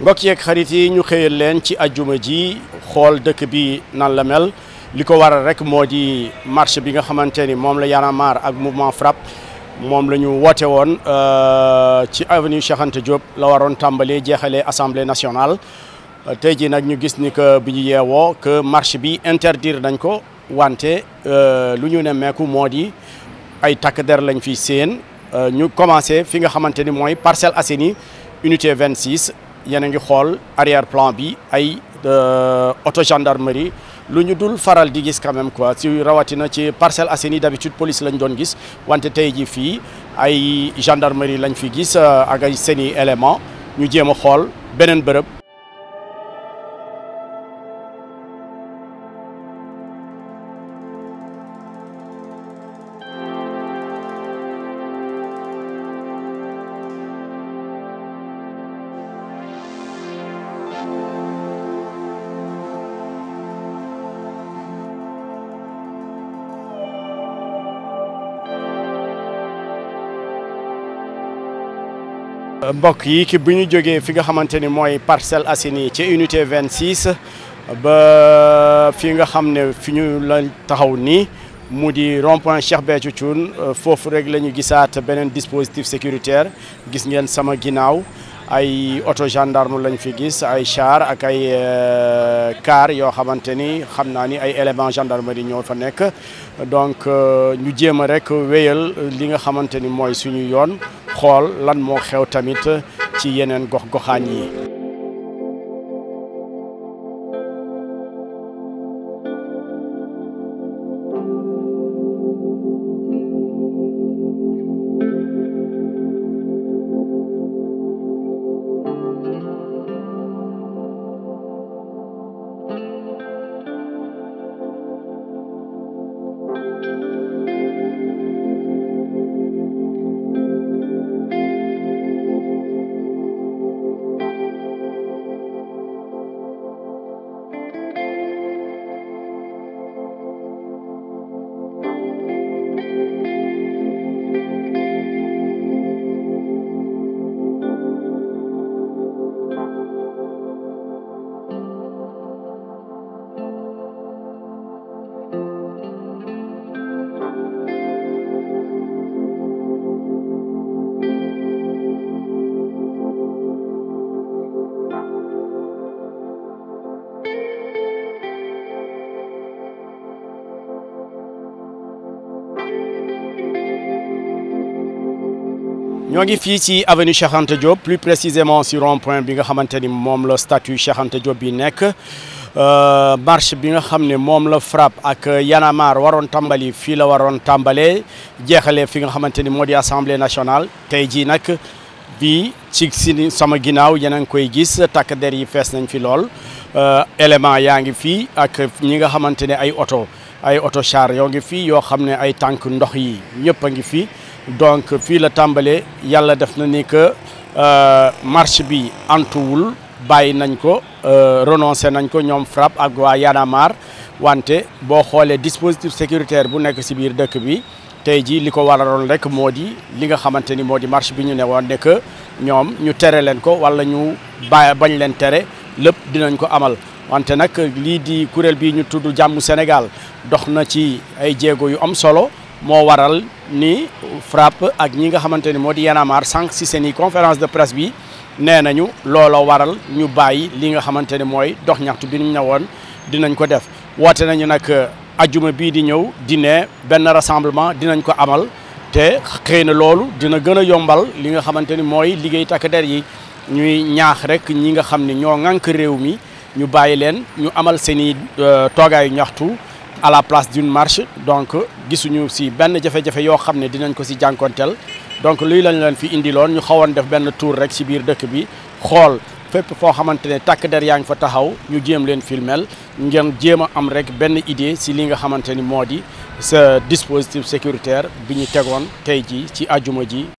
mbokk yeeg xarit yi ñu xëyal leen ci ajjuma ji xool dëkk bi nan la mel li ko rek moo marche bi nga xamante la en ak mouvement frappe moom la ñu woote woon euh, ci avenue la waroon tàmbalee jeexalee assemblée nationale euh, tey ji nag ñu gis ni que Nous ñu yeewoo que marche bi interdire nañ ko wante euh, lu ñu moo ay takk der lañ fi seen ñu commencé fi nga unité 26. yéen a ngi xool arrière plan bi ay euh, auto gendarmerie lu ñu dul faral di gis quand même quoi ci rawatina ci parcelle Parcelles Assainies d'habitude police lañ doon gis wante tey ji fii ay gendarmerie lañ fi gis euh, ak seeni élément ñu jéem a xool beneen bërëb mbokk yi ki bi ñu jógee fi nga xamante ni mooy parcelle Assainies ci unité vingt 26 ba fi nga xam ne fi ñu la taxaw nii mu di rond-point Cheikh Béthio foofu rek la ñu gisaat beneen dispositif sécuritaire gis ngeen sama ginnaaw ay auto gendarme lañ fi gis ay char ak ay euh, car yoo xamante ni xam naa ni ay éléments gendarmerie ñoo fa nekk donc euh, ñu jéem a rek wéyal li nga xamante ni mooy suñu yoon xool lan moo xew tamit ci yeneen gox goxaan yi Nous ngi ci avenue Cheikh Anta Diop plus précisément sur un point bi nga xamante ni le statue Cheikh Anta Diop bi euh, marche bi nga xamné mom le la FRAPP ak Yanamar waron tambali fi la waron tambalé jeexalee fi nga ni assemblée nationale tey nak bi ci si sama ginaaw yéen a koy gis tak der yi fess nañ fi euh élément yaa ngi fii ak ñi nga xamante ay auto ay auto char yo ngi fi yo xamné ay tank ndox yi ñepp nga fi donc fii la tàmbalee yàlla def na ni que euh, marche bi antuwul bàyyi nañ ko euh, renoncé nañ ko ñoom FRAPP ak waa Y'en wante boo xoolee dispositif sécuritaire bu nekk ci biir dëkk bi tey jii li ko waraloon rek moo di li nga xamante ni moo di marche bi ñu ne woon ne ñoom ñu tere leen ko walla ñu ba bañ leen tere lépp dinañ ko amal wante nag lii di kuréel bii ñu tudd jàmm Sénégal dox na ci ay jéego yu am solo moo waral ni FRAPP ak ñi nga xamante ni moo di yanamar sànq si seen i conférence de presse bi nee nañu looloo waral ñu bàyyi li nga xamante ne mooy dox ñaxtu bi ñu ne woon dinañ ko def woote nañu nag ajuma bii di ñëw dine benn rassemblement dinañ ko amal te xëy na loolu dina gën a yombal li nga xamante ni mooy liggéey takk der yi ñuy ñaax rek ñi nga xam ni ñoo ŋànk réew mi ñu bàyyi leen ñu amal seen i euh, toogaayu ñaxtu à la place d'une marche donc gisuñu si benn jafe-jafe yoo xam ne dinañ ko si jànkonteel donc lii lañ leen fi indiloon ñu xawoon def benn tour rek si biir dëkk bi xool fépp foo xamante ne takk der yaa ngi fa taxaw ñu jéem leen filmel ngeen jéem a am rek benn idée si li nga xamante ni moo di sa dispositif sécuritaire bi ñu tegoon tey ji ci ajuma ji